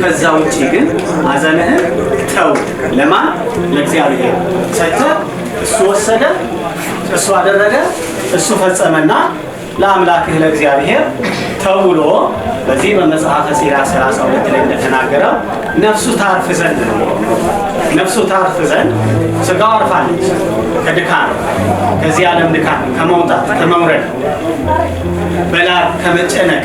ከዛ ውጭ ግን ሐዘንህን ተው። ለማን ለእግዚአብሔር ሰጥተህ እሱ ወሰደ፣ እሱ አደረገ፣ እሱ ፈጸመና ለአምላክህ ለእግዚአብሔር ተውሎ በዚህ በመጽሐፈ ሲራክ ሰላሳ ላይ እንደተናገረው ነፍሱ ታርፍ ዘንድ ነው። ነፍሱ ታርፍ ዘንድ ስጋው አርፋለች ከድካም ከዚህ ዓለም ድካም ከመውጣት ከመውረድ በላ ከመጨነቅ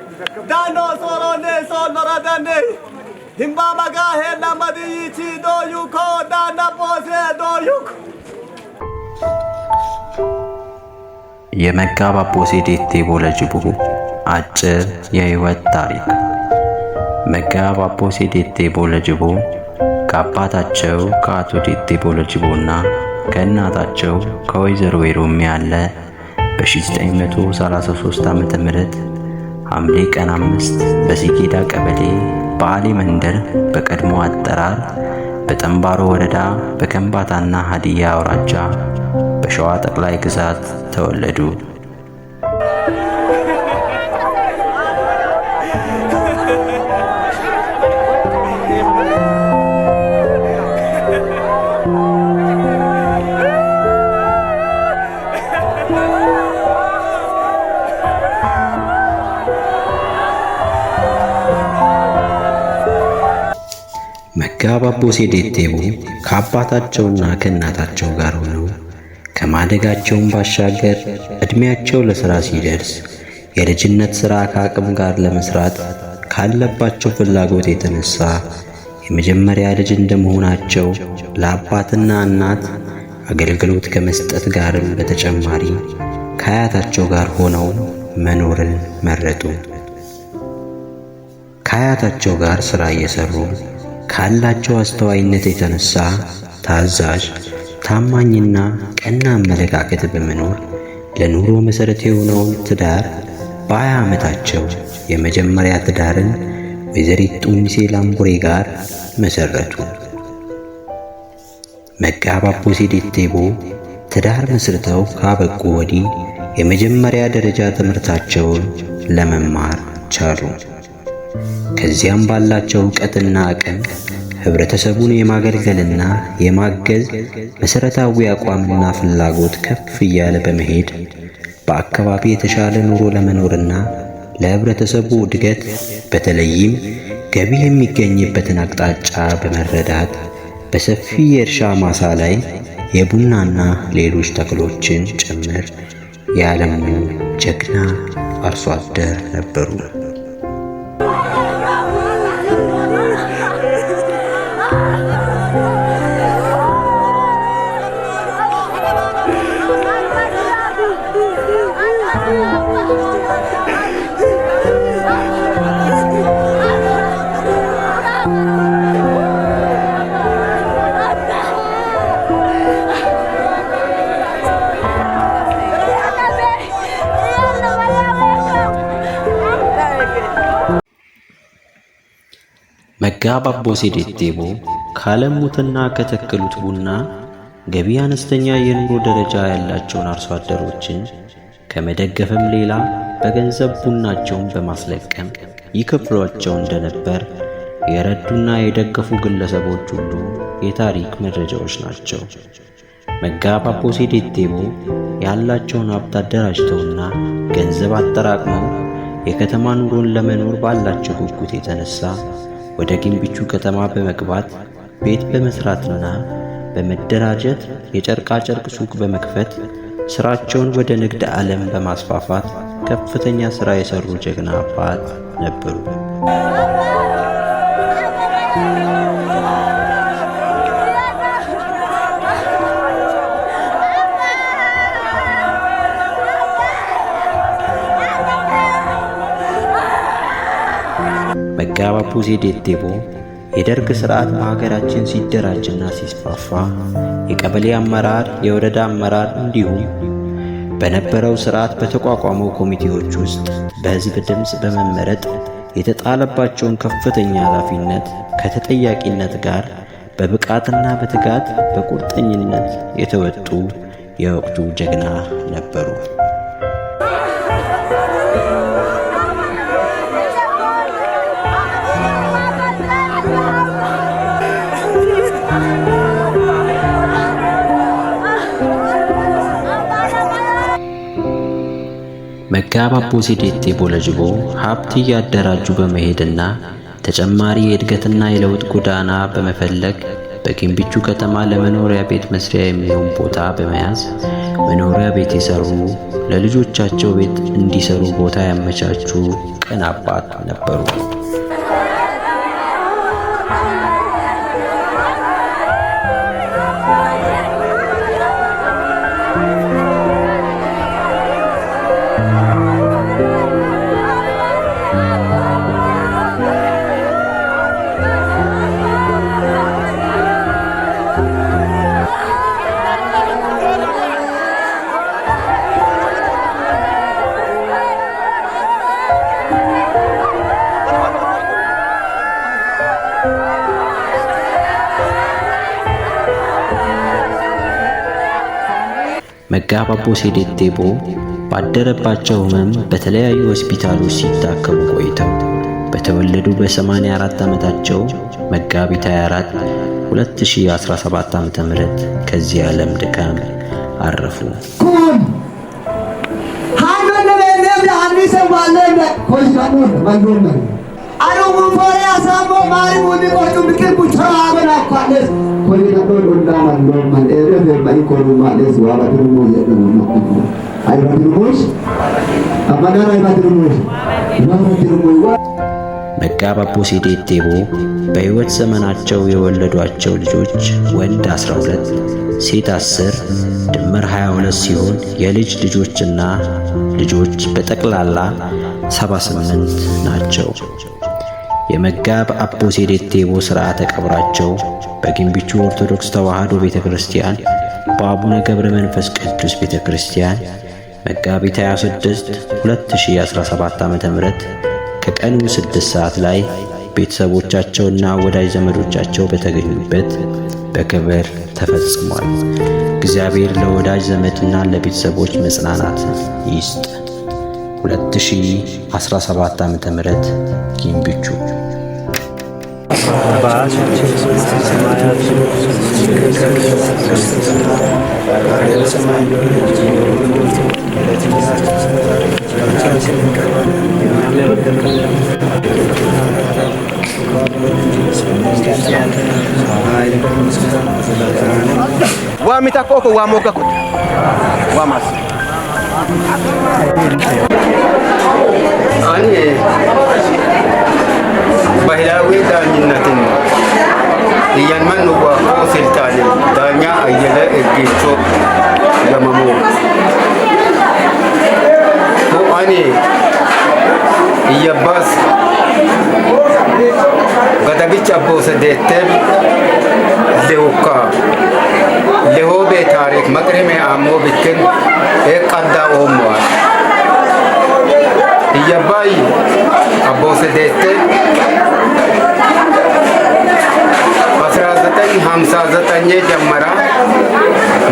danno soronne sonnoradanne himbamaga hennamadiyichi doyuko danna pose doyuko የመጋ ባቦሴ ዴቴቦ ለጅቡ አጭር የህይወት ታሪክ። መጋ ባቦሴ ዴቴቦ ለጅቡ ከአባታቸው ከአቶ ዴቴቦ ለጅቡና ከእናታቸው ከወይዘሮ ዌሮሜ ያለ በ1933 ዓ.ም ሐምሌ ቀን አምስት በሲጌዳ ቀበሌ በአሌ መንደር በቀድሞ አጠራር በጠንባሮ ወረዳ በከንባታና ሀዲያ አውራጃ በሸዋ ጠቅላይ ግዛት ተወለዱ። ጋባቦሴ ዴቴቦ ከአባታቸውና ከእናታቸው ጋር ሆነው ከማደጋቸውን ባሻገር ዕድሜያቸው ለሥራ ሲደርስ የልጅነት ሥራ ከአቅም ጋር ለመሥራት ካለባቸው ፍላጎት የተነሣ የመጀመሪያ ልጅ እንደመሆናቸው ለአባትና እናት አገልግሎት ከመስጠት ጋርም በተጨማሪ ከአያታቸው ጋር ሆነው መኖርን መረጡ። ከአያታቸው ጋር ሥራ እየሠሩ ካላቸው አስተዋይነት የተነሳ ታዛዥ፣ ታማኝና ቀና አመለካከት በመኖር ለኑሮ መሠረት የሆነውን ትዳር በሀያ ዓመታቸው የመጀመሪያ ትዳርን ወይዘሪት ጡንሴ ላምቡሬ ጋር መሠረቱ። መጋባቦ ሴዴቴቦ ትዳር መስርተው ካበቁ ወዲህ የመጀመሪያ ደረጃ ትምህርታቸውን ለመማር ቻሉ። ከዚያም ባላቸው እውቀትና አቅም ህብረተሰቡን የማገልገልና የማገዝ መሠረታዊ አቋምና ፍላጎት ከፍ እያለ በመሄድ በአካባቢ የተሻለ ኑሮ ለመኖርና ለህብረተሰቡ እድገት በተለይም ገቢ የሚገኝበትን አቅጣጫ በመረዳት በሰፊ የእርሻ ማሳ ላይ የቡናና ሌሎች ተክሎችን ጭምር ያለሙ ጀግና አርሶ አደር ነበሩ። ዳባቦሴ ሴዴቴቦ ካለሙትና ከተከሉት ቡና ገቢ አነስተኛ የኑሮ ደረጃ ያላቸውን አርሶ አደሮችን ከመደገፍም ሌላ በገንዘብ ቡናቸውን በማስለቀም ይከፍሏቸው እንደነበር የረዱና የደገፉ ግለሰቦች ሁሉ የታሪክ መረጃዎች ናቸው። መጋባቦሴ ዴጤቦ ያላቸውን ሀብት አደራጅተውና ገንዘብ አጠራቅመው የከተማ ኑሮን ለመኖር ባላቸው ጉጉት የተነሳ ወደ ግንብቹ ከተማ በመግባት ቤት በመስራትና በመደራጀት የጨርቃጨርቅ ሱቅ በመክፈት ስራቸውን ወደ ንግድ ዓለም በማስፋፋት ከፍተኛ ስራ የሰሩ ጀግና አባት ነበሩ። ጋባቡዜ ዴቴቦ የደርግ ሥርዓት በሀገራችን ሲደራጅና ሲስፋፋ የቀበሌ አመራር፣ የወረዳ አመራር እንዲሁም በነበረው ሥርዓት በተቋቋመው ኮሚቴዎች ውስጥ በሕዝብ ድምፅ በመመረጥ የተጣለባቸውን ከፍተኛ ኃላፊነት ከተጠያቂነት ጋር በብቃትና በትጋት በቁርጠኝነት የተወጡ የወቅቱ ጀግና ነበሩ። መጋባ አቦ ሴዴቴ ቦለጅቦ ሀብት እያደራጁ በመሄድና ተጨማሪ የእድገትና የለውጥ ጎዳና በመፈለግ በግንቢቹ ከተማ ለመኖሪያ ቤት መስሪያ የሚሆን ቦታ በመያዝ መኖሪያ ቤት የሰሩ ለልጆቻቸው ቤት እንዲሰሩ ቦታ ያመቻቹ ቅን አባት ነበሩ። ጋባቦ ሴዴቴቦ ባደረባቸው ህመም በተለያዩ ሆስፒታሎች ሲታከሙ ቆይተው በተወለዱ በ84 ዓመታቸው መጋቢት 24 2017 ዓ.ም ከዚህ ዓለም ድካም አረፉ። አሩ ጉንፎሬ አሳሞ ማሪ ሙኒ ቆጡ ምክር ቡቻ አመናኳለስ እንደውም ማለፍ የማይኮኑ ማለስ ዋባትርሙ የለውም አይባትርሙሽ አባዳር አይባትርሙሽ ማባትርሙ ይዋ መጋባቦ ሲዴቴቦ በሕይወት ዘመናቸው የወለዷቸው ልጆች ወንድ 12 ሴት 10 ድምር 22 ሲሆን የልጅ ልጆችና ልጆች በጠቅላላ 78 ናቸው። የመጋብ አቦ ሴዴቴቦ ሥርዓተ ቀብራቸው በግንቢቹ ኦርቶዶክስ ተዋሕዶ ቤተ ክርስቲያን በአቡነ ገብረ መንፈስ ቅዱስ ቤተ ክርስቲያን መጋቢት 26 2017 ም ከቀኑ 6 ሰዓት ላይ ቤተሰቦቻቸውና ወዳጅ ዘመዶቻቸው በተገኙበት በክብር ተፈጽሟል። እግዚአብሔር ለወዳጅ ዘመድና ለቤተሰቦች መጽናናት ይስጥ። 2017 ዓ.ም ጊምቢቹ Wamita koko wamoka Ani ባህላዊ ዳኝነትን እየንመን ዋቆ ስልጣን ዳኛ አየለ እጌቾ ገመሞ ሆአኔ እየባስ ገደግች አቦ ሰዴቴብ ሌውካ ሌሆቤ ታሪክ መቅሪሜ አሞ ብክን ኤቀዳ ኦሞዋል እየባይ አቦ ሰዴቴብ 259 ጀመራ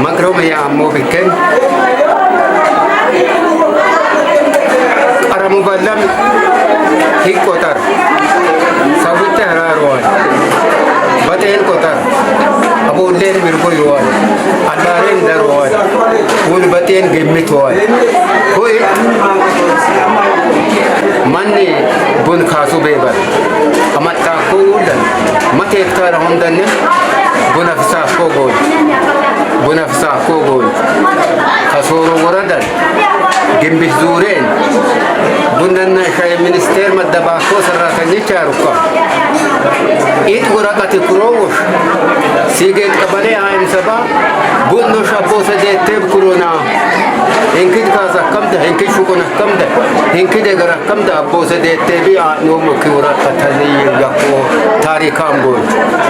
መክሮምያ አሞ ቢገኝ ቀረሙ በለም ሂቆጠር ሰዊተ ህራሮዋል በጤን ቆጠር አቦሌን ብርጎ ይዋል አዳሬን ደሮዋል ጉልበቴን ግምትዋል ሁይ ማኒ ቡን ካሱ ቤበር አመጣኩ ይውለን متى يختار عندنا بنفسه فوق ونفس عقوقل خصور وردن جنبه زورين دوننا شاي منستير مدى باكو سراتني تشاركا إيد ورقة كروش سيجيت قبلي عين سبا بنو شابو سجيت تيب كورونا هنكد كازا كمدة هنكد شكونا كمدة هنكد اغرا كمدة أبو سجيت تيبي عين ومكي ورقة تنيي يقو تاريخ أمبوج